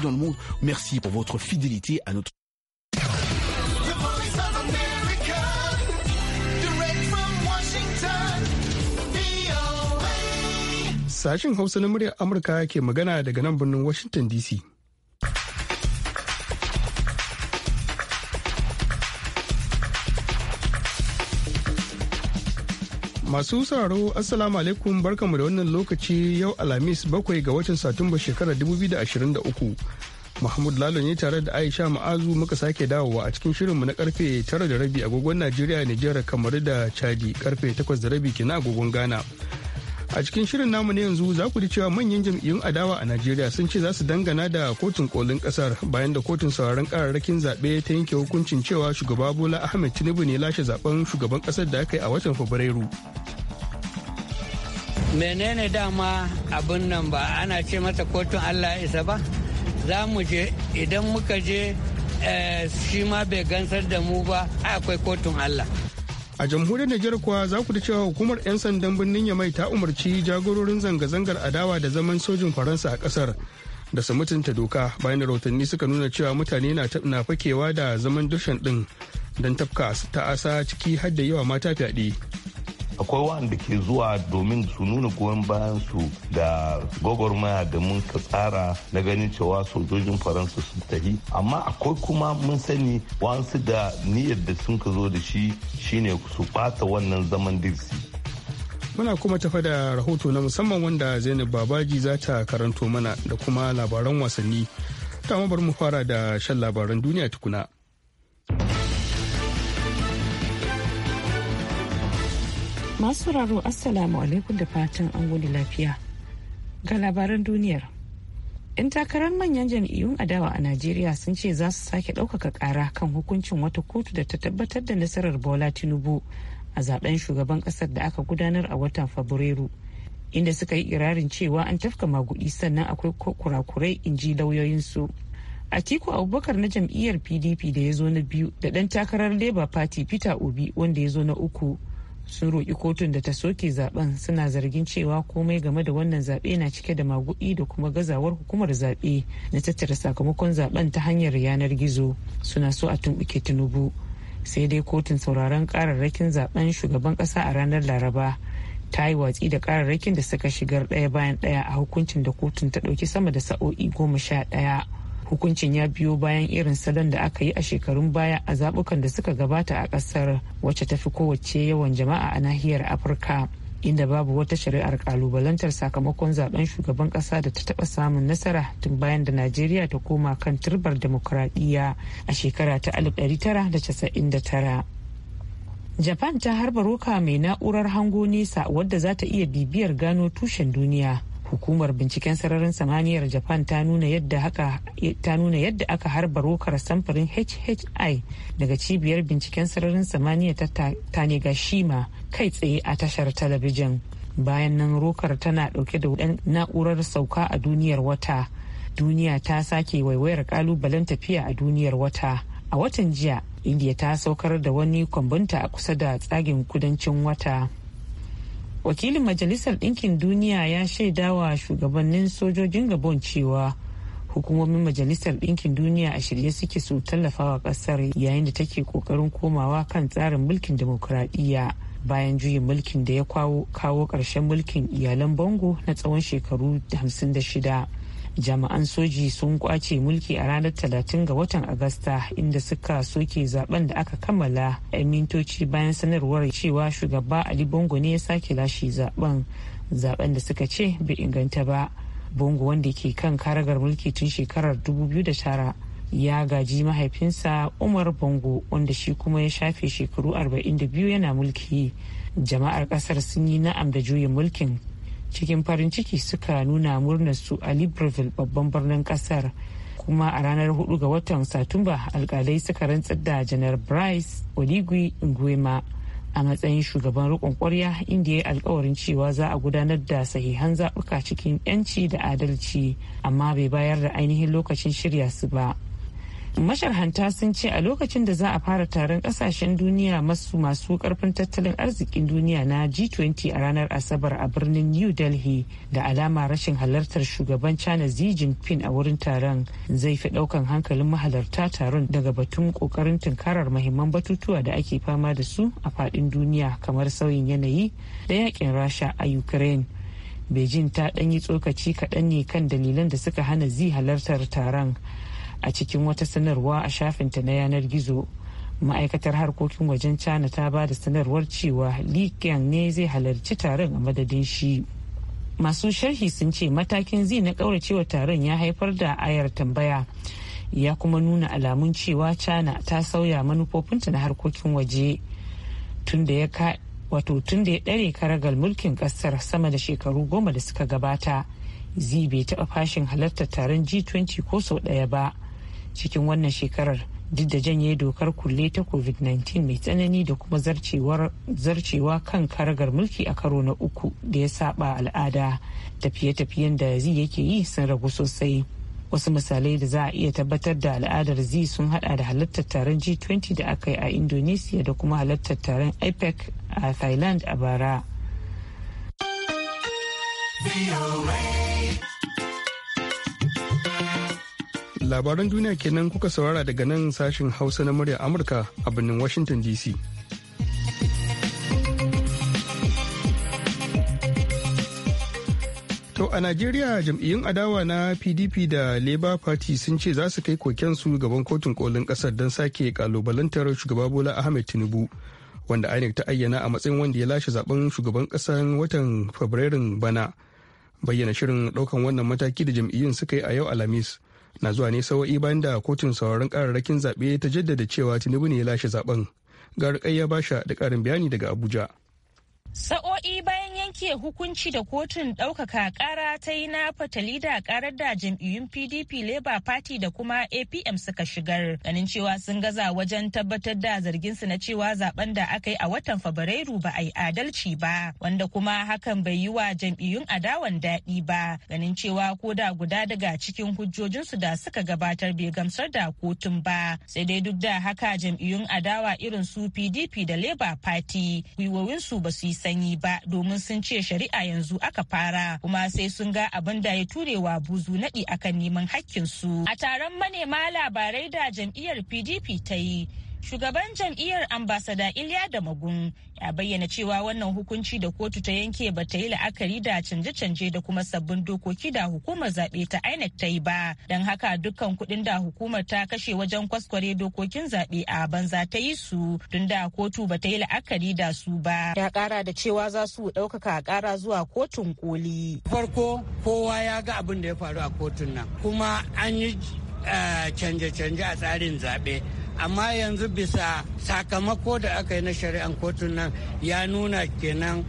dans le Merci pour votre fidélité à notre Sashen Hausa na murya Amurka yake magana daga nan birnin Washington DC. Masu sauraro Assalamu alaikum barkamu da wannan lokaci yau Alhamis bakwai ga watan Satumba shekarar 2023. Mahmud Lalo ne tare da Aisha Ma'azu muka sake dawowa a cikin shirinmu na karfe 9 da rabi agogon Najeriya Nijar kamar da Chadi karfe 8 da rabi kenan agogon Ghana. a cikin shirin namu ne yanzu za ku ji cewa manyan jam'iyyun adawa a najeriya sun ce za su dangana da kotun kolin kasar bayan da kotun sauraron kararrakin zaɓe ta yanke hukuncin cewa shugaba bola ahmed tinubu ne lashe zaben shugaban kasar da aka yi a watan fabrairu menene dama abin nan ba ana ce mata kotun allah isa ba za mu je idan muka je eh, shi ma bai gansar da mu ba akwai kotun allah a jamhuriyar Nijar kuwa za ku da cewa hukumar 'yan sandan birnin Yamai ta umarci jagororin zanga-zangar adawa da zaman sojin Faransa a kasar da su mutunta doka bayan rahotanni suka nuna cewa mutane na fakewa da zaman dushen din don tafka ta asa ciki har da yawa mata fyaɗe. akwai wanda ke zuwa domin su nuna goyon bayan su ga gwagwarmaya da mun ka tsara na ganin cewa sojojin faransa sun tafi amma akwai kuma mun sani wasu da niyyar da sun ka zo da shi shine su bata wannan zaman dirsi muna kuma tafa da rahoto na musamman wanda zainab babaji za ta karanto mana da kuma labaran wasanni ta mu fara da shan labaran duniya tukuna. Masu sauraro Assalamu alaikum da fatan an gudu lafiya. Ga labaran duniyar. 'Yan takarar manyan jam'iyyun adawa a Najeriya sun ce za su sake ɗaukaka ƙara kan hukuncin wata kotu da ta tabbatar da nasarar Bola Tinubu a zaben shugaban ƙasar da aka gudanar a watan Fabrairu. Inda suka yi irarin cewa an tafka magudi sannan akwai kurakurai in ji lauyoyinsu. Atiku Abubakar na jam'iyyar PDP da ya zo na biyu da ɗan takarar Labour Party Peter Obi wanda ya zo na uku. sun roƙi kotun da ta soke zaben suna zargin cewa komai game da wannan zaɓe na cike da magudi da kuma gazawar hukumar zaɓe na tattara sakamakon zaben ta hanyar yanar gizo suna so a tumɓuke tinubu sai dai kotun sauraron kararrakin zaben shugaban ƙasa a ranar laraba ta yi watsi da kararrakin da suka shigar ɗaya bayan ɗaya a hukuncin da kotun ta ɗauki sama da sa'o'i goma sha ɗaya hukuncin ya biyo bayan irin salon da aka yi a shekarun baya a zabukan da suka gabata a kasar wacce tafi kowace yawan jama'a a nahiyar afirka inda babu wata shari'ar kalubalantar sakamakon zaben shugaban kasa da ta taba samun nasara tun bayan da najeriya ta koma kan turbar demokuraɗiyya a shekara ta 1999 japan ta harba roka mai na'urar hango nesa wadda za ta iya bibiyar gano tushen duniya hukumar binciken sararin samaniyar japan ta nuna yadda aka harba rokar samfurin hhi daga cibiyar binciken sararin samaniya ta tanegashima kai tsaye a tashar talabijin bayan nan rokar tana dauke da na'urar sauka a duniyar wata duniya ta sake waiwayar kalubalen tafiya a duniyar wata a watan jiya india ta saukar da wani kwambunta a kusa da tsagin kudancin wata wakilin majalisar ɗinkin duniya ya shaida wa shugabannin sojojin gabon cewa hukumomin majalisar ɗinkin duniya a shirye suke su tallafawa ƙasar yayin da take ƙoƙarin komawa kan tsarin mulkin demokuraɗiyya bayan juyin mulkin da ya kawo ƙarshen mulkin iyalan bango na tsawon shekaru 56 jama'an soji sun kwace mulki a ranar talatin ga watan agusta inda suka soke zaben da aka kammala a mintoci bayan sanarwar cewa shugaba ali bongo ne ya sake lashe zaben zaben da suka ce bai inganta ba bongo wanda ke kan karagar mulki tun shekarar 2009 ya gaji mahaifinsa umar bongo wanda shi kuma ya shafe shekaru 42 yana mulki jama'ar kasar sun yi na'am da juyin mulkin cikin farin ciki suka nuna murnar su a libreville babban birnin kasar kuma a ranar 4 ga watan satumba alkalai suka rantsar da janar bryce oligui nguema a matsayin shugaban rikon kwarya inda ya alkawarin cewa za a gudanar da sahihan zaɓuka cikin 'yanci da adalci amma bai bayar da ainihin lokacin shirya su ba masharhanta sun ce a lokacin da za a fara taron kasashen duniya masu masu karfin tattalin arzikin duniya na g20 a ranar asabar a birnin new delhi da alama rashin halartar shugaban china xi jinping a wurin taron zai fi daukan hankalin mahalarta taron daga batun kokarin tunkarar mahimman batutuwa da ake fama da su a fadin duniya kamar sauyin yanayi da yakin rasha a ukraine beijing ta ɗanyi tsokaci kaɗan ne kan dalilan da suka hana zi halartar taron a cikin wata sanarwa a shafinta na yanar gizo ma'aikatar harkokin wajen china ta ba da sanarwar cewa li ne zai halarci taron a madadin shi masu sharhi sun ce matakin zai na kauracewa taron ya haifar da ayar tambaya ya kuma nuna alamun cewa china ta sauya manufofinta na harkokin waje tun da ya wato tun da ya ɗare karagal mulkin ƙasar sama da shekaru goma da suka gabata zai bai taɓa fashin halartar taron g20 ko sau ɗaya ba cikin wannan shekarar duk da janye dokar kulle ta covid-19 mai tsanani da kuma zarcewa kan karagar mulki a karo na uku da ya saba al'ada tafiye-tafiyen da zai yake yi sun ragu sosai wasu misalai da za a iya tabbatar da al'adar zi sun hada da halartar taron g20 da aka yi a indonesia da kuma halartar taron ipec a thailand a bara. labaran duniya kenan kuka saurara daga nan sashin hausa na murya amurka a birnin washington dc To a Najeriya jam'iyyun adawa na PDP da Labour Party sun ce za su kai kokensu gaban kotun kolin kasar don sake kalubalantar shugaba Bola Ahmed Tinubu wanda INEC ta ayyana a matsayin wanda ya lashe zaben shugaban kasar watan Fabrairun bana. Bayyana shirin daukan wannan mataki da jam'iyyun suka yi a yau Alhamis na zuwa ne sawa'i bayan da kotun sauraron kararrakin zaɓe ta jaddada cewa tinubu ne ya lashe zaben ga ya basha da ƙarin bayani daga abuja sa'o'i bayan ke hukunci da kotun ɗaukaka ƙara ta yi na fatali da ƙarar da jam'iyyun pdp labour party da kuma apm suka shigar ganin cewa sun gaza wajen tabbatar da zarginsu na cewa zaben da aka yi a watan fabrairu ba a yi adalci ba wanda kuma hakan bai yi wa jam'iyyun adawan daɗi ba ganin cewa ko da guda daga cikin hujjojinsu da suka gabatar bai gamsar da kotun ba sai dai duk da haka jam'iyyun adawa irin su pdp da labour party gwiwowinsu ba su yi sanyi ba domin sun ci ce shari'a yanzu aka fara kuma sai sun ga abin da ya turewa buzu naɗi akan neman hakkin su. A taron manema labarai da jam'iyyar PDP ta yi Shugaban jam'iyyar ambasada Iliya da Magun ya bayyana cewa wannan hukunci da kotu ta yanke ba ta yi la'akari da canje-canje da kuma sabbin dokoki da hukumar zaɓe ta INEC ta yi ba. Don haka dukkan kuɗin da hukumar ta kashe wajen kwaskware dokokin zaɓe a banza ta yi su tun da kotu ba ta yi la'akari da su ba. Ya kara da cewa za su ɗaukaka kara zuwa kotun koli. Farko kowa ya ga abin da ya faru a kotun nan kuma an yi eh, canje-canje a tsarin zaɓe. amma yanzu bisa sakamako da aka yi na shari'an kotun nan ya nuna kenan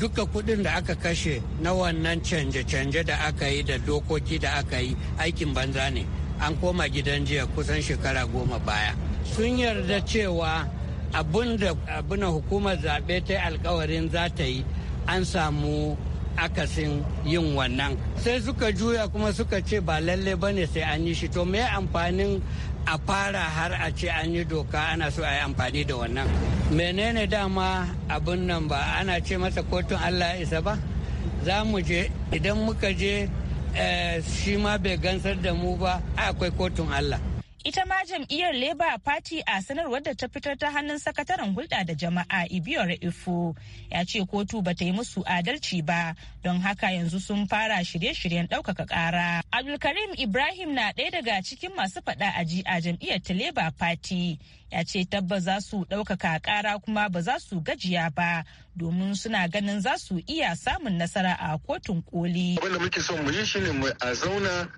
duka kudin da aka kashe na wannan canje-canje da aka yi da dokoki da aka yi aikin banza ne an koma gidan jiya kusan shekara goma baya sun yarda cewa abin da abin hukumar zaɓe ta alkawarin za ta yi an samu akasin yin wannan sai suka juya kuma suka ce ba lalle ba ne sai an yi shi to me amfanin a fara har a ce an yi doka ana so a yi amfani da wannan menene dama abin nan ba ana ce masa kotun allah ya isa ba za mu je idan muka je eh, shi ma bai gansar da mu ba akwai kotun allah Ita ma jam'iyyar Labour Party a sanarwar da ta fitar ta hannun sakataren hulɗa da jama'a Ibiyar Ifo ya ce kotu ba ta yi musu adalci ba don haka yanzu sun fara shirye-shiryen ɗaukaka ƙara. Abdulkarim Ibrahim na ɗaya daga cikin masu faɗa ji a jam'iyyar ta Labour Party ya ce tabbas za su ɗaukaka ƙara kuma ba za su gajiya ba domin suna ganin za su iya samun nasara a kotun koli. Abin muke son mu yi ne mu a zauna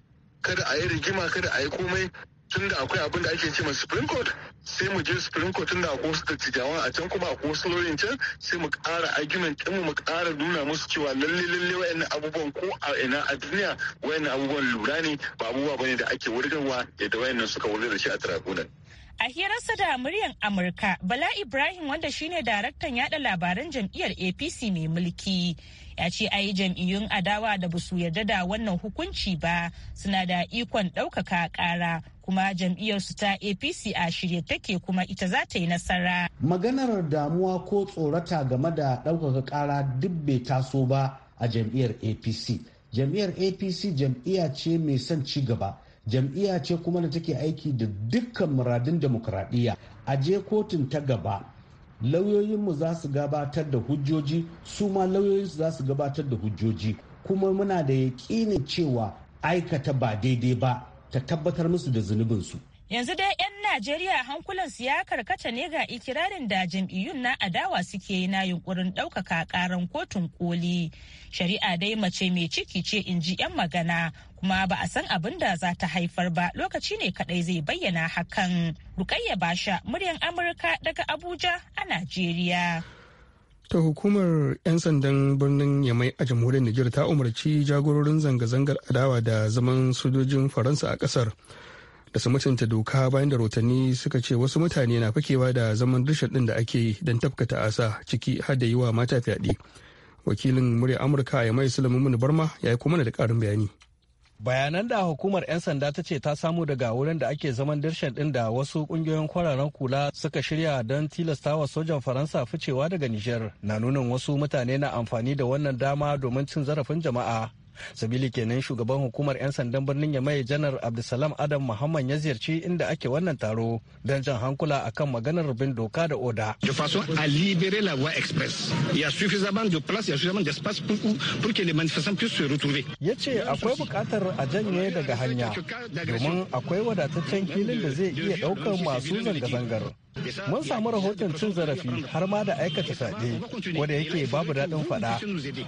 kada a yi rigima kada a yi komai tunda akwai abin da ake cewa ma supreme court sai mu je supreme court tunda akwai wasu dattijawan a can kuma akwai wasu lauyin can sai mu kara argument ɗin mu kara nuna musu cewa lalle lalle wayannan abubuwan ko a ina a duniya wayannan abubuwan lura ne ba abubuwa bane da ake wurgarwa yadda wayannan suka wurgar da shi a tribunal A hirarsa da muryar Amurka, Bala Ibrahim wanda shine daraktan yada labaran jam'iyyar APC mai mulki ya ce ayi jam'iyyun adawa da basu yarda da wannan hukunci ba suna da ikon ɗaukaka kara, kuma jam'iyyarsu ta APC a shirye take kuma ita za ta yi nasara. Maganar damuwa ko tsorata game da ɗaukaka ƙara duk bai taso ba a jam'iyyar APC. Jam'iyyar APC jam'iyya ce mai son ci gaba. jam'iyya ce kuma da take aiki da dukkan muradin demokradiyya a je kotun ta gaba lauyoyinmu za su gabatar da hujjoji su ma lauyoyinsu za su gabatar da hujjoji kuma muna da yaƙinin cewa aikata ba daidai ba ta tabbatar musu da zunubinsu Yanzu dai 'yan Najeriya hankulansu ya karkata ne ga ikirarin da jam'iyyun na adawa suke yi na yunkurin ɗaukaka karan kotun koli. Shari'a dai mace mai ciki ce in ji 'yan magana kuma ba a san abin da za ta haifar ba lokaci ne kadai zai bayyana hakan. Rukayya Basha, muryan Amurka daga Abuja a Najeriya. ta hukumar 'yan sandan birnin yamai a jamhuriyar niger ta umarci jagororin zanga-zangar adawa da zaman sojojin faransa a kasar da su mutunta doka bayan da rotanni suka ce wasu mutane na fakewa da zaman dushe din da ake yi don tafka ta'asa ciki har da yi wa mata fyaɗe wakilin murya amurka ya mai sulaiman barma ya yi kuma da ƙarin bayani bayanan da hukumar 'yan sanda ta ce ta samu daga wurin da ake zaman dirshan din da wasu kungiyoyin kwararan kula suka shirya don tilastawa sojan faransa ficewa daga nijar na nunin wasu mutane na amfani da wannan dama domin cin zarafin jama'a sabili kenan shugaban hukumar 'yan sandan birnin ya mai janar abdulsalam adam muhammad ya ziyarci inda ake wannan taro don jan hankula akan maganar bin doka da oda de façon à libérer la voie express il y a suffisamment de place il y a suffisamment d'espace pour pour que les manifestants puissent se retrouver akwai bukatar a janye daga hanya domin akwai wadataccen filin da zai iya daukan masu zanga-zangar mun samu rahoton cin zarafi har ma da aikata saɗe wanda yake babu daɗin faɗa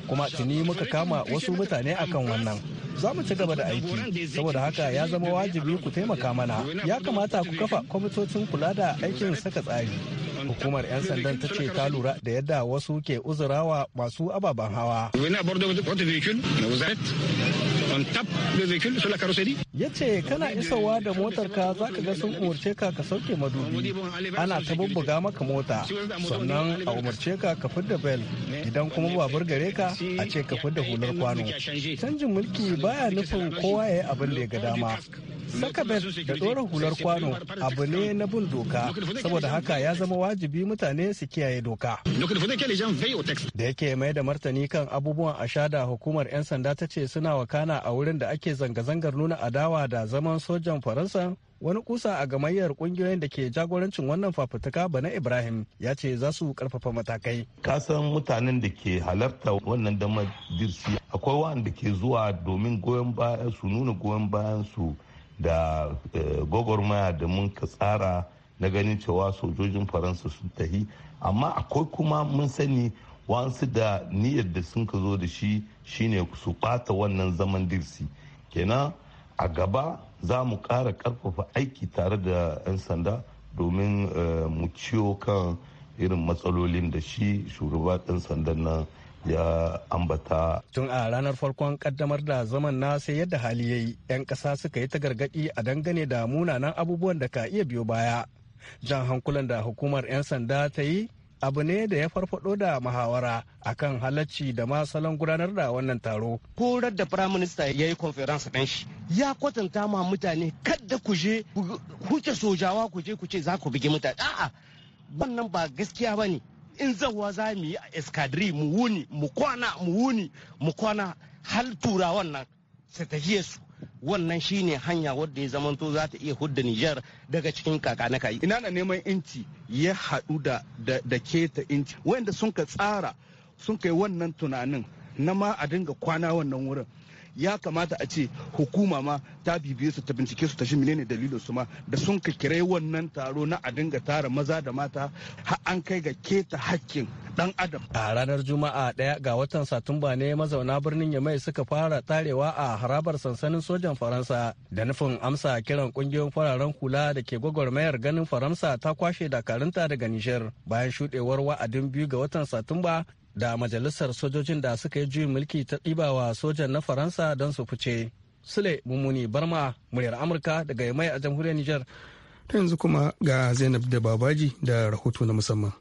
kuma tuni muka kama wasu mutane akan wannan za mu ci gaba da aiki saboda haka ya zama wajibi ku taimaka mana ya kamata ku kafa kwamitocin kula da aikin saka tsari hukumar 'yan sandan ta ce ta lura da yadda wasu ke uzurawa masu ababen hawa on da Ya ce kana isowa da motarka ka za ka ga sun umarce ka ka sauke madubi ana ta bubbuga maka mota sannan a umarce ka ka fidda bel idan kuma babur gare ka a ce ka fidda hular kwano. Canjin mulki baya nufin kowa ya yi abin da ya ga dama Saka bet da ɗora hular kwano abu ne na bin doka saboda haka ya zama wajibi mutane su kiyaye doka. Da yake mai da martani kan abubuwan asha da hukumar 'yan sanda ta ce suna wakana a wurin da ake zanga-zangar nuna adawa da zaman sojan Faransa wani kusa a gamayyar kungiyoyin da ke jagorancin wannan fafutuka bana ibrahim ya ce za su karfafa matakai kasan mutanen da ke halarta wannan damar dirsi akwai wanda ke zuwa domin goyon bayan su nuna goyon bayan su da eh, gwagwarmaya da mun ka tsara na ganin cewa sojojin faransa sun tahi amma akwai kuma mun sani wasu da niyyar da sun ka zo da shi shine su bata wannan zaman dirsi kenan a gaba za mu ƙara ƙarfafa aiki tare da 'yan sanda domin eh, mu ciwo kan irin matsalolin da shi shugaba ɗan sandan nan ya ambata. Tun a ranar farkon kaddamar da zaman na sai yadda hali ya yi, 'yan ƙasa suka yi ta gargaɗi a dangane da munanan abubuwan da ka iya biyo baya. Jan hankulan da hukumar 'yan sanda ta yi abu ne da ya farfado da muhawara akan halacci da ma salon gudanar da wannan taro. Korar da Prime Minister ya yi conference ɗin shi ya kwatanta ma mutane kadda ku je huce sojawa ku je ku ce za ku bige mutane. A'a, wannan ba gaskiya ba ne. in zawa za mu yi a eskadri mu wuni mu kwana mu wuni mu kwana hal tura wannan su su wannan shine hanya wadda ya zamanto za ta iya hudda Nijar daga cikin kaka na kayi. Ina na neman inci ya haɗu da da keta inci wanda sun ka tsara sun kai wannan tunanin na ma a dinga kwana wannan wurin ya kamata a ce hukuma ma ta bibiye su ta bincike su ta shi menene dalilin su ma da sun ka wannan taro na a dinga tara maza da mata har an kai ga keta hakkin dan adam a ranar juma'a daya ga watan satumba ne mazauna birnin yamai suka fara tarewa a harabar sansanin sojan faransa da nufin amsa kiran kungiyoyin fararen kula da ke gwagwarmayar ganin faransa ta kwashe dakarunta daga nijar bayan shudewar wa'adin biyu ga watan satumba da majalisar sojojin da suka yi juyin mulki ta ɗibawa sojan na faransa don su fice sule mummuni barma muryar amurka daga yamai a jamhuriyar niger ta yanzu kuma ga zainab da babaji da rahoto na musamman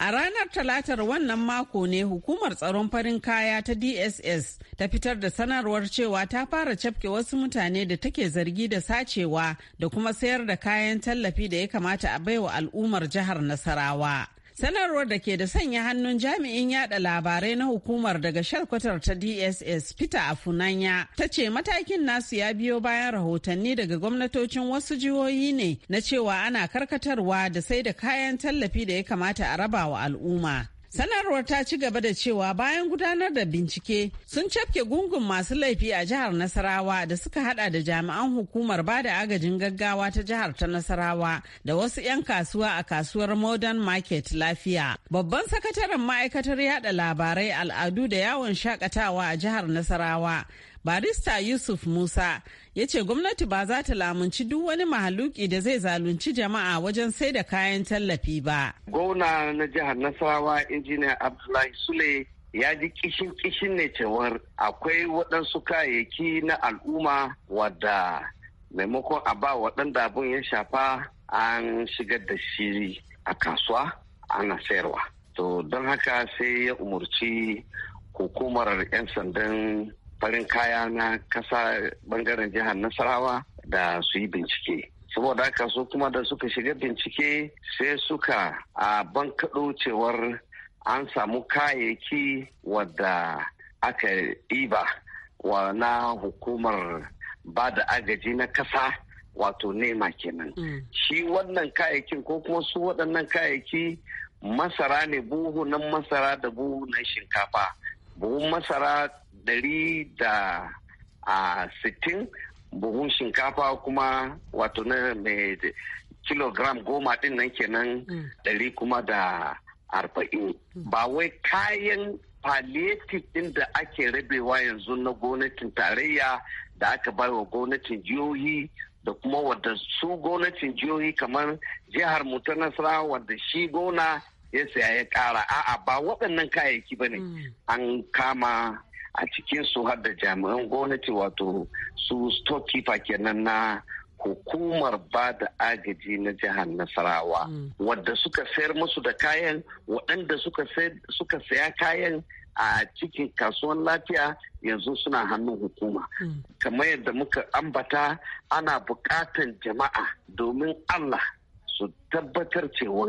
A ranar Talatar wannan mako ne hukumar tsaron farin kaya ta DSS ta fitar da sanarwar cewa ta fara cafke wasu mutane da take zargi da sacewa da kuma sayar da kayan tallafi da ya kamata a baiwa al'ummar jihar Nasarawa. Sanarwar da ke da sanya hannun jami'in yada labarai na hukumar daga shalkwatar ta DSS Peter Afunanya ta ce matakin nasu ya biyo bayan rahotanni daga gwamnatocin wasu jihohi ne na cewa ana karkatarwa da sai da kayan tallafi da ya kamata a raba wa al'umma. Sanarwar ta ci gaba da cewa bayan gudanar da bincike sun cafke gungun masu laifi a jihar Nasarawa da suka hada da jami'an hukumar ba da agajin gaggawa ta jihar ta Nasarawa da wasu 'yan kasuwa a kasuwar Modern Market Lafiya. Babban sakataren ma'aikatar yada labarai al'adu da yawon shakatawa a jihar Nasarawa barista yusuf musa ya ce gwamnati ba za ta lamunci duk wani mahaluki da zai zalunci jama'a wajen sai da kayan tallafi ba gwamna na jihar nasarawa injiniya abdullahi sule ya ji kishin kishin ne cewar akwai waɗansu kayayyaki na al'umma wadda maimakon a ba waɗanda abin ya shafa an shigar da shiri, a kasuwa ana sayarwa to don haka sai ya umarci hukumar 'yan sandan farin kaya na kasa bangaren jihar nasarawa da su yi bincike saboda haka su kuma da suka shiga bincike sai suka a bankaɗo cewar an samu kayayyaki wadda aka ɗiba wa na hukumar ba da agaji na kasa wato nema kenan mm. shi wannan kayayyakin ko kuma su waɗannan kayayyaki masara ne buhu na masara da buhu na shinkafa buhun masara ɗari da sittin buhun shinkafa kuma wato na mai kilogram goma ɗin nan kenan mm. ɗari kuma da arba'in mm. ba wai kayan palliative ɗin da ake rabewa yanzu na gwamnatin tarayya da aka bai wa gwamnatin jihohi da kuma wadda su gwamnatin jihohi kamar jihar mu ta nasara wadda shi gona ya saya ya kara a'a ba waɗannan kayayyaki ba ne mm. an kama a cikin su har da jami'an gwamnati wato su storekeeper kenan na hukumar ba da agaji na jihar nasarawa mm. wadda suka sayar musu da kayan waɗanda suka saya kayan a cikin kasuwan lafiya yanzu suna hannun hukuma mm. kamar yadda muka ambata ana buƙatan jama'a domin allah su tabbatar cewa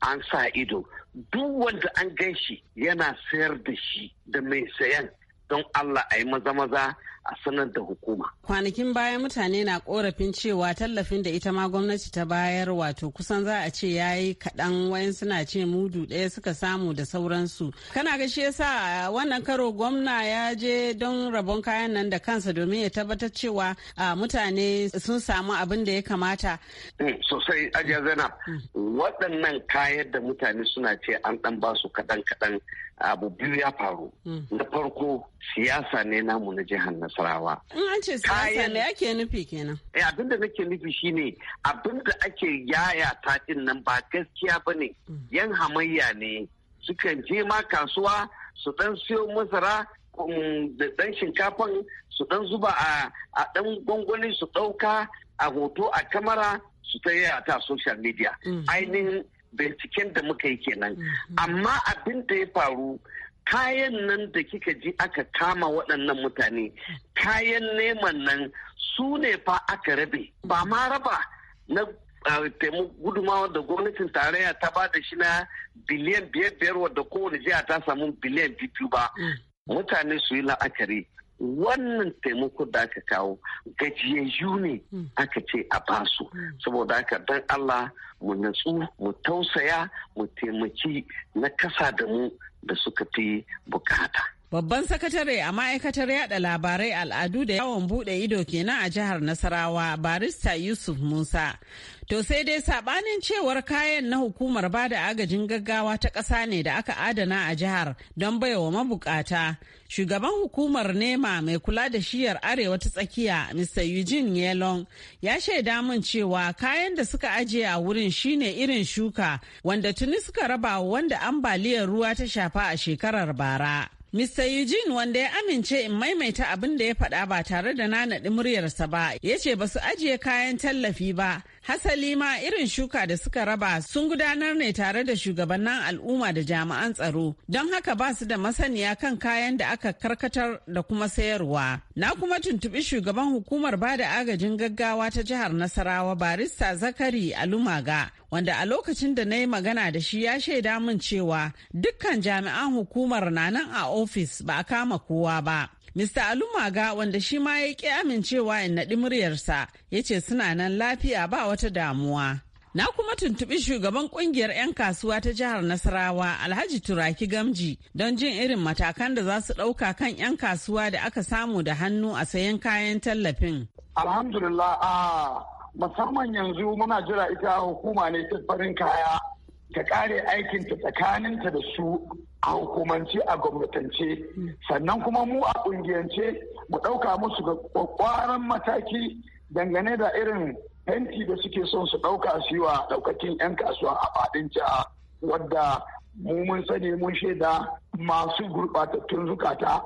an sa ido duk wanda an gan shi yana sayar da shi da mai sayan don Allah a yi maza-maza a sanar da hukuma. Kwanakin baya mutane na korafin cewa tallafin da ita ma gwamnati ta bayar wato kusan za a ce ya yi kaɗan wayan suna ce mudu ɗaya suka samu da sauransu. Kana ga shi yasa wannan karo gwamna ya je don rabon kayan nan da kansa domin ya tabbatar cewa mutane sun samu abin da ya kamata. Mm, sosai Ajiya Zainab, mm. waɗannan kayan da mutane suna ce an ɗan ba su kaɗan-kaɗan abu biyu ya faru. Mm. Na farko siyasa ne namu na jihar Nasarawa. In an ce siyasa me ake nufi kenan? Eh abin da nake nufi shine abin da ake yaya tatin nan ba gaskiya bane mm. yan hamayya ne sukan je ma kasuwa su dan siyo masara um, da dan shinkafan su dan zuba a dan gwangwani su dauka a hoto a kamara su ta yaya ta social media. Mm-hmm. Ainihin binciken da muka yi kenan. Mm-hmm. Amma abin da ya faru kayan nan da kika ji aka kama waɗannan mutane kayan neman nan su ne fa aka rabe ba ma raba na gudumawa da gwamnatin tarayya ta ba da shi na biliyan biyar biyar wadda kowane jiya ta samu biliyan biyu ba mutane su yi la'akari wannan taimako da aka kawo gajiyayyu ne aka ce a basu saboda haka dan Allah mu natsu mu tausaya mu taimaki na kasa da mu da suka fi bukata Babban sakatare a ma'aikatar yada labarai al'adu da yawon bude ido kenan a jihar Nasarawa barista Yusuf Musa. To sai dai sabanin cewar kayan na hukumar bada agajin gaggawa ta ƙasa ne da aka adana a jihar don baiwa mabukata. Shugaban hukumar nema mai kula da shiyar arewa ta tsakiya Mr. Eugene Yelong ya shaida mun cewa kayan da suka ajiye a wurin shine irin shuka wanda tuni suka raba wanda ambaliyar ruwa ta shafa a shekarar bara. Mr. Eugene wanda ya amince in maimaita abin da ya faɗa ba tare da na naɗi muryarsa ba, ya ce ba su ajiye kayan tallafi ba, Hasali ma irin shuka da suka raba sun gudanar ne tare da shugabannin al'umma da jami'an tsaro don haka ba su da masaniya kan kayan da aka karkatar da kuma sayarwa. Na kuma tuntubi shugaban hukumar ba da agajin gaggawa ta jihar Nasarawa barista Zakari Alumaga wanda a lokacin da na yi magana da shi ya shaida min cewa dukkan jami'an hukumar na nan a ofis ba a kama kowa ba Mr. Alumaga wanda shi ma ya ƙi amincewa in naɗi muryarsa ya ce suna nan lafiya ba wata damuwa. Na kuma tuntuɓi shugaban ƙungiyar 'yan kasuwa ta jihar Nasarawa Alhaji Turaki Gamji don jin irin matakan da za su ɗauka kan 'yan kasuwa da aka samu da hannu a sayan kayan tallafin. Alhamdulillah musamman yanzu muna jira ita hukuma ne ta farin kaya ta kare aikinta tsakaninta da su a hukumance a gwamnatance sannan kuma mu a kungiyance mu ɗauka musu ga kwakwaran mataki dangane da irin fenti da suke son su ɗauka su yi wa ɗaukakin 'yan kasuwa a faɗin jiha wadda mu mun sani mun shaida masu gurɓatattun zukata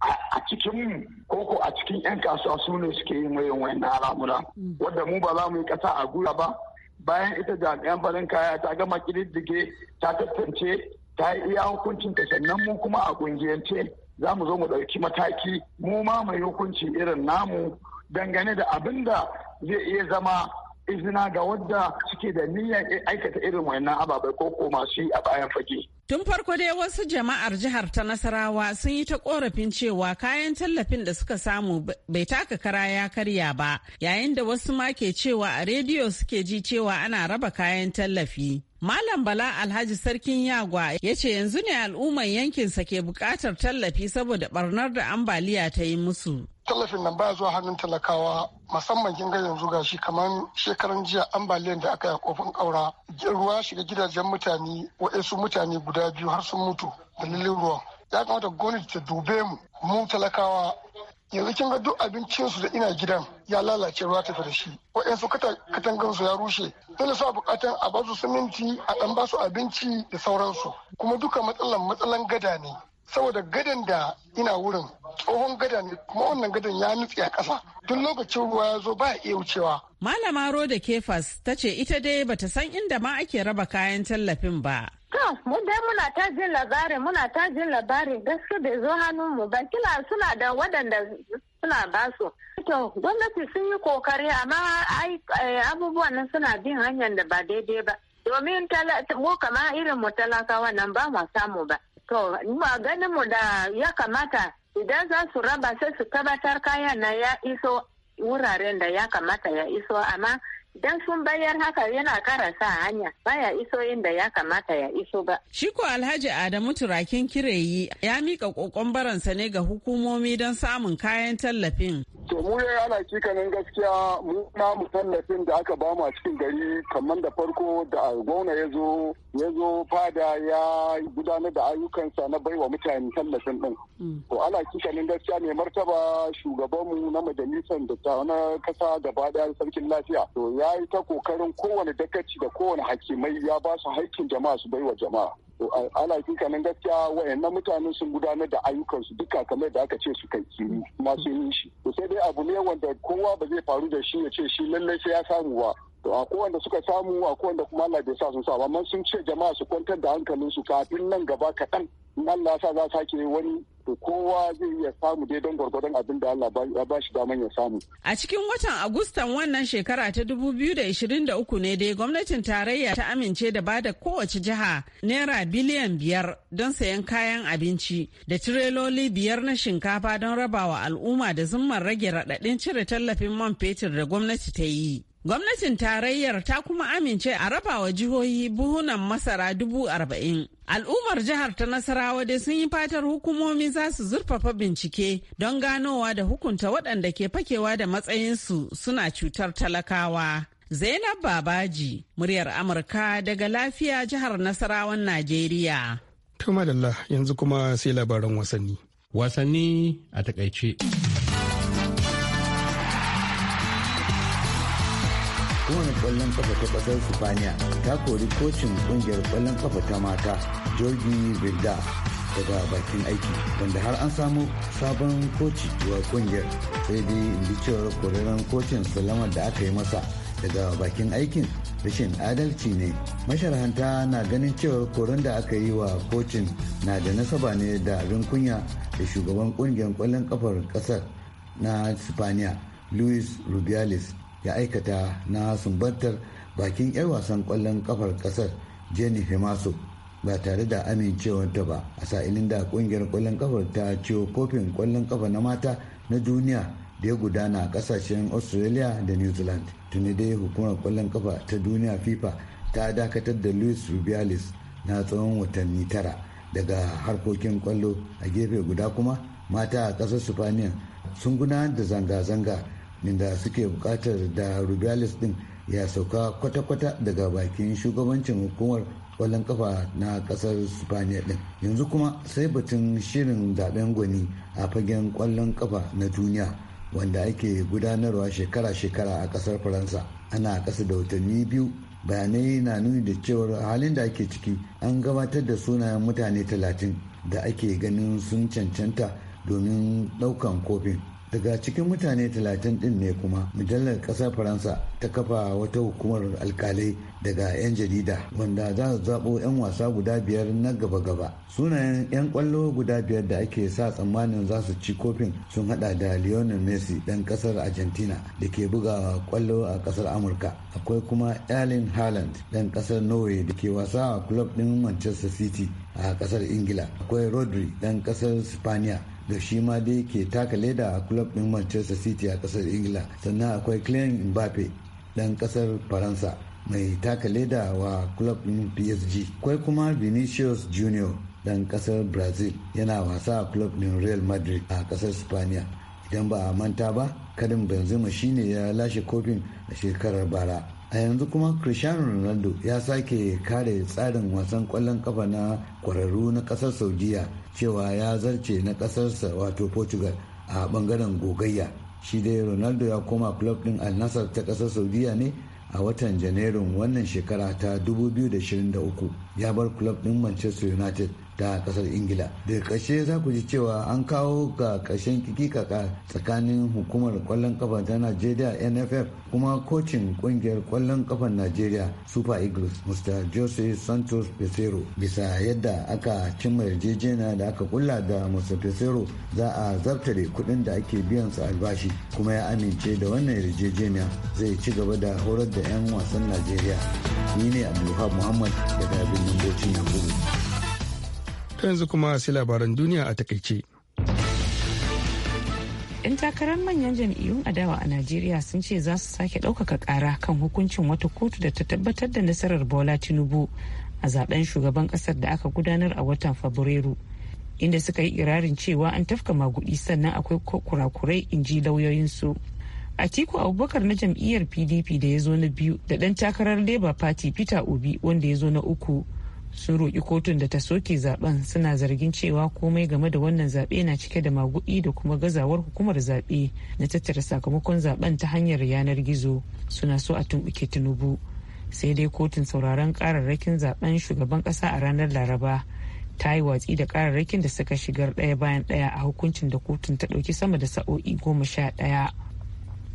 a cikin koko a cikin 'yan kasuwa su ne suke yin wayan wayan na al'amura wadda mu ba za mu yi ƙasa a gura ba bayan ita jami'an farin kaya ta gama ƙididdige ta tattance ta yi iya hukuncin ta sannan mu kuma a kungiyance za mu zo mu ɗauki mataki mu ma mai hukunci irin namu dangane da abin da zai iya zama izina ga wadda suke da niyyar aikata irin wannan ababai ko koma su a bayan fage. Tun farko dai wasu jama'ar jihar ta Nasarawa sun yi ta korafin cewa kayan tallafin da suka samu bai taka kara ya karya ba, yayin da wasu ma ke cewa a rediyo suke ji cewa ana raba kayan tallafi. Malam Bala Alhaji Sarkin Yagwa ya ce yanzu ne al'umman yankinsa ke bukatar tallafi saboda barnar da ambaliya ta yi musu. tallafin nan baya zuwa hannun talakawa musamman kin ga yanzu gashi kamar shekaran jiya ambaliyan da aka yi a kofin kaura ruwa shiga gidajen mutane waɗansu mutane guda biyu har sun mutu dalilin ruwan ya kamata gwamnati ta dube mu mu talakawa yanzu kin ga duk abincinsu da ina gidan ya lalace ruwa tafi da shi waɗansu katangansu ya rushe dole su buƙatan a basu siminti a ɗan basu abinci da sauransu kuma duka matsalan matsalan gada ne saboda gadon da ina wurin tsohon gada kuma wannan gadon ya nutse a ƙasa tun lokacin ruwa ya zo ba iya wucewa. Malama Roda Kefas ta ce ita dai bata san inda ma ake raba kayan tallafin ba. To, mu dai muna ta jin labarin, muna ta jin labarin gaske bai zo hannunmu ba, kila suna da waɗanda suna basu. To, gwamnati sun yi kokari amma eh, abubuwan nan suna bin hanyar da ba daidai ba. Domin mu kama irin mu talakawa nan ba mu samu ba. To, ba da ya kamata idan za su raba sai su tabbatar kayan na ya iso wuraren da ya kamata ya iso amma Dan sun bayar haka yana kara sa hanya baya iso inda ya kamata ya iso ba. Shi ko Alhaji Adamu Turakin Kireyi ya mika kokon baransa ne ga hukumomi don samun kayan tallafin. To mu ya ana cikanin gaskiya mu na mu tallafin da aka bamu a cikin gari kamar da farko da gwamna ya zo ya zo fada ya gudanar da ayyukansa na baiwa mutane tallafin din. Mm. To ana cikanin gaskiya ne martaba shugabanmu na majalisar da ta na kasa gaba daya sarkin lafiya. ya yi ta kokarin kowane dakaci da kowane hakimai ya ba su haƙƙin jama'a su baiwa jama'a ala kanin gaskiya wayannan mutanen sun gudanar da ayyukansu duka kamar da aka ce su kai kiri masu yin shi to sai dai abu ne wanda kowa ba zai faru da shi ya ce shi lallai sai ya samu ba to a suka samu a wanda kuma Allah bai sa sun sa amma sun ce jama'a su kwantar da hankalin su kafin nan gaba kaɗan in Allah ya sa za sake wani to kowa zai iya samu dai don gwargwadon abin da Allah ya ba shi daman ya samu. A cikin watan Agustan wannan shekara ta 2023 ne dai gwamnatin tarayya ta amince da ba da kowace jiha naira biliyan biyar don sayan kayan abinci da tireloli biyar na shinkafa don rabawa al'umma da zumman rage raɗaɗin cire tallafin man fetur da gwamnati ta yi. Gwamnatin tarayyar ta kuma amince a raba wa jihohi buhunan masara dubu arba'in. Al'ummar jihar ta Nasarawa dai sun yi fatar hukumomi za su zurfafa bincike don ganowa da hukunta waɗanda ke fakewa da matsayinsu suna cutar talakawa. Zainab Babaji, muryar Amurka daga lafiya jihar Nasarawan Najeriya. Tumadalla yanzu kuma sai labaran wasanni. Wasanni a takaice. kwallon kafa ta kasar spaniya ta kori kocin kungiyar kwallon kafa ta mata jordi vilda daga bakin aiki wanda har an samu sabon koci wa kungiyar sai dai inji cewar kwararren kocin salama da aka yi masa daga bakin aikin rashin adalci ne masharhanta na ganin cewar koron da aka yi wa kocin na da nasaba ne da abin kunya da shugaban kungiyar kwallon kafar kasar na spaniya luis rubiales ya aikata na sumbantar bakin 'yar wasan kwallon kafar kasar jenny himaso ba tare da amincewarta ba a sa'ilin da kungiyar kwallon kafar ta ciwo kofin kwallon kafa na mata na duniya da ya gudana a kasashen australia da new zealand tuni dai hukumar kwallon kafa ta duniya fifa ta dakatar da luis rubialis na tsawon watanni tara daga harkokin kwallo a gefe guda kuma mata a kasar sun gudanar da zanga-zanga inda suke bukatar da rubialis din ya sauka kwata-kwata daga bakin shugabancin hukumar kwallon kafa na kasar spaniya din yanzu kuma sai batun shirin zaben gwani a fagen kwallon kafa na duniya wanda ake gudanarwa shekara-shekara a kasar faransa ana kasa da watanni biyu bayanai na nuni da cewar halin da ake ciki an gabatar da sunayen mutane talatin da ake ganin sun cancanta domin daukan kofin daga cikin mutane 30 din ne kuma mujallar kasar faransa ta kafa wata hukumar alkalai daga 'yan jarida wanda za su zaɓo 'yan wasa guda biyar na gaba-gaba sunayen 'yan kwallo guda biyar da ake sa tsammanin za su ci kofin sun hada da lionel messi ɗan ƙasar argentina da ke buga kwallo a ƙasar amurka akwai kuma erling haaland ɗan ƙasar norway da ke wasa a club ɗin manchester city a ƙasar ingila akwai rodri ɗan ƙasar spaniya da shi ma dai ke taka leda a club din manchester city a kasar ingila sannan akwai clean mbappe dan kasar faransa mai taka leda wa club din psg kwai kuma vinicius junior dan kasar brazil yana wasa a club din real madrid a kasar spaniya idan ba a manta ba kadin benzema shine ya lashe kofin a shekarar bara a yanzu kuma cristiano ronaldo ya sake kare tsarin wasan kwallon kafa na kwararru na kasar saudiya cewa ya zarce na ƙasarsa wato portugal a ɓangaren gogayya shi dai ronaldo ya koma club din al nassr ta ƙasar saudiya ne a watan janairun wannan shekara ta 2023 ya bar club din manchester united da kasar ingila daga ƙarshe za ku ji cewa an kawo ga ƙarshen kikikaka tsakanin hukumar kwallon kafa ta najeriya nff kuma kocin ƙungiyar kwallon kafan najeriya super eagles mr jose santos pesero bisa yadda aka cimma yarjejeniya da aka kulla da mr pesero za a zartare kuɗin da ake biyan su albashi kuma ya amince da wannan yarjejeniya zai ci gaba da horar da 'yan wasan najeriya ni ne abdulhab muhammad daga birnin bocin yankuru. yanzu kuma sai labaran duniya a takaice. 'yan takarar manyan jam'iyyun adawa a najeriya sun ce za su sake ɗaukaka ƙara kan hukuncin wata kotu da ta tabbatar da nasarar bola tinubu a zaben shugaban ƙasar da aka gudanar a watan fabrairu inda suka yi irarin cewa an tafka maguɗi sannan akwai kurakurai in ji lauyoyinsu atiku abubakar na jam'iyyar pdp da ya zo na biyu da ɗan takarar labour party peter obi wanda ya zo na uku sun roƙi kotun da ta soke zaben suna zargin cewa komai game da wannan zaɓe na cike da magudi da kuma gazawar hukumar zaɓe na tattara sakamakon zaben ta hanyar yanar gizo suna so a tumɓuke tinubu sai dai kotun sauraron ƙararrakin zaben shugaban ƙasa a ranar laraba ta yi watsi da ƙararrakin da suka shigar ɗaya bayan ɗaya a hukuncin da kotun ta ɗauki sama da sa'o'i goma sha ɗaya.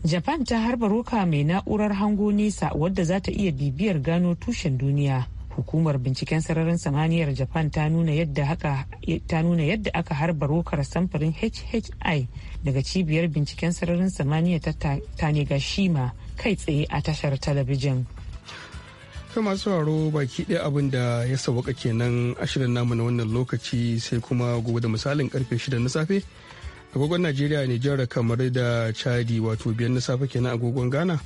japan ta harba roka mai na'urar hango nesa wadda za ta iya bibiyar gano tushen duniya hukumar binciken sararin samaniyar japan ta nuna yadda aka harba rokar samfurin hhi daga cibiyar binciken sararin samaniya ta tanegashima kai tsaye a tashar talabijin ta masu haro baki ɗaya abin da ya sauwaka kenan ashirin namu na wannan lokaci sai kuma gobe da misalin karfe shida na safe agogon najeriya jihar kamar da chadi wato biyar na safe kenan agogon ghana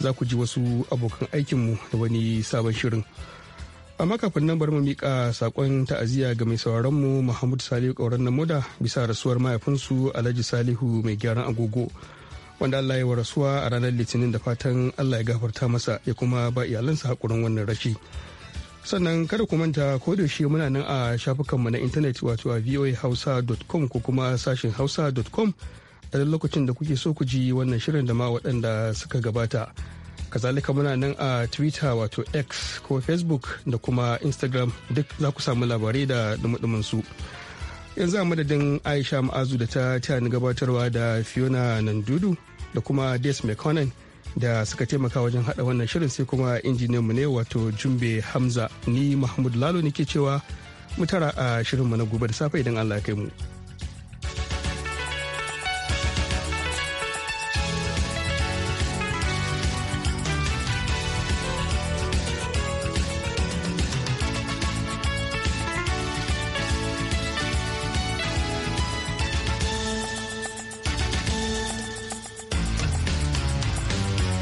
za ku ji wasu abokan aikinmu da wani sabon shirin. amma kafin nan bari mu mika sakon ta'aziyya ga mai sauraron mu Muhammad Salihu Kauran Namuda bisa rasuwar mahaifinsu Alhaji Salihu mai gyaran agogo wanda Allah ya wa rasuwa a ranar Litinin da fatan Allah ya gafarta masa ya kuma ba iyalansa hakurin wannan rashi sannan kada ku manta ko da shi muna nan a shafukan mu na intanet wato a voahausa.com ko kuma sashin hausa.com a lokacin da kuke so ku ji wannan shirin da ma waɗanda suka gabata. kazalika muna nan a twitter wato x ko facebook da kuma instagram duk za ku samu labarai da dumudumin su yanzu a madadin aisha ma'azu da ta tani gabatarwa da fiona nandudu da kuma des mcconnell da suka taimaka wajen hada wannan shirin sai kuma injiniyan mu ne wato jumbe hamza ni mahmud lalo ne ke cewa mu tara a shirinmu na gobe da safe idan allah ya kai mu.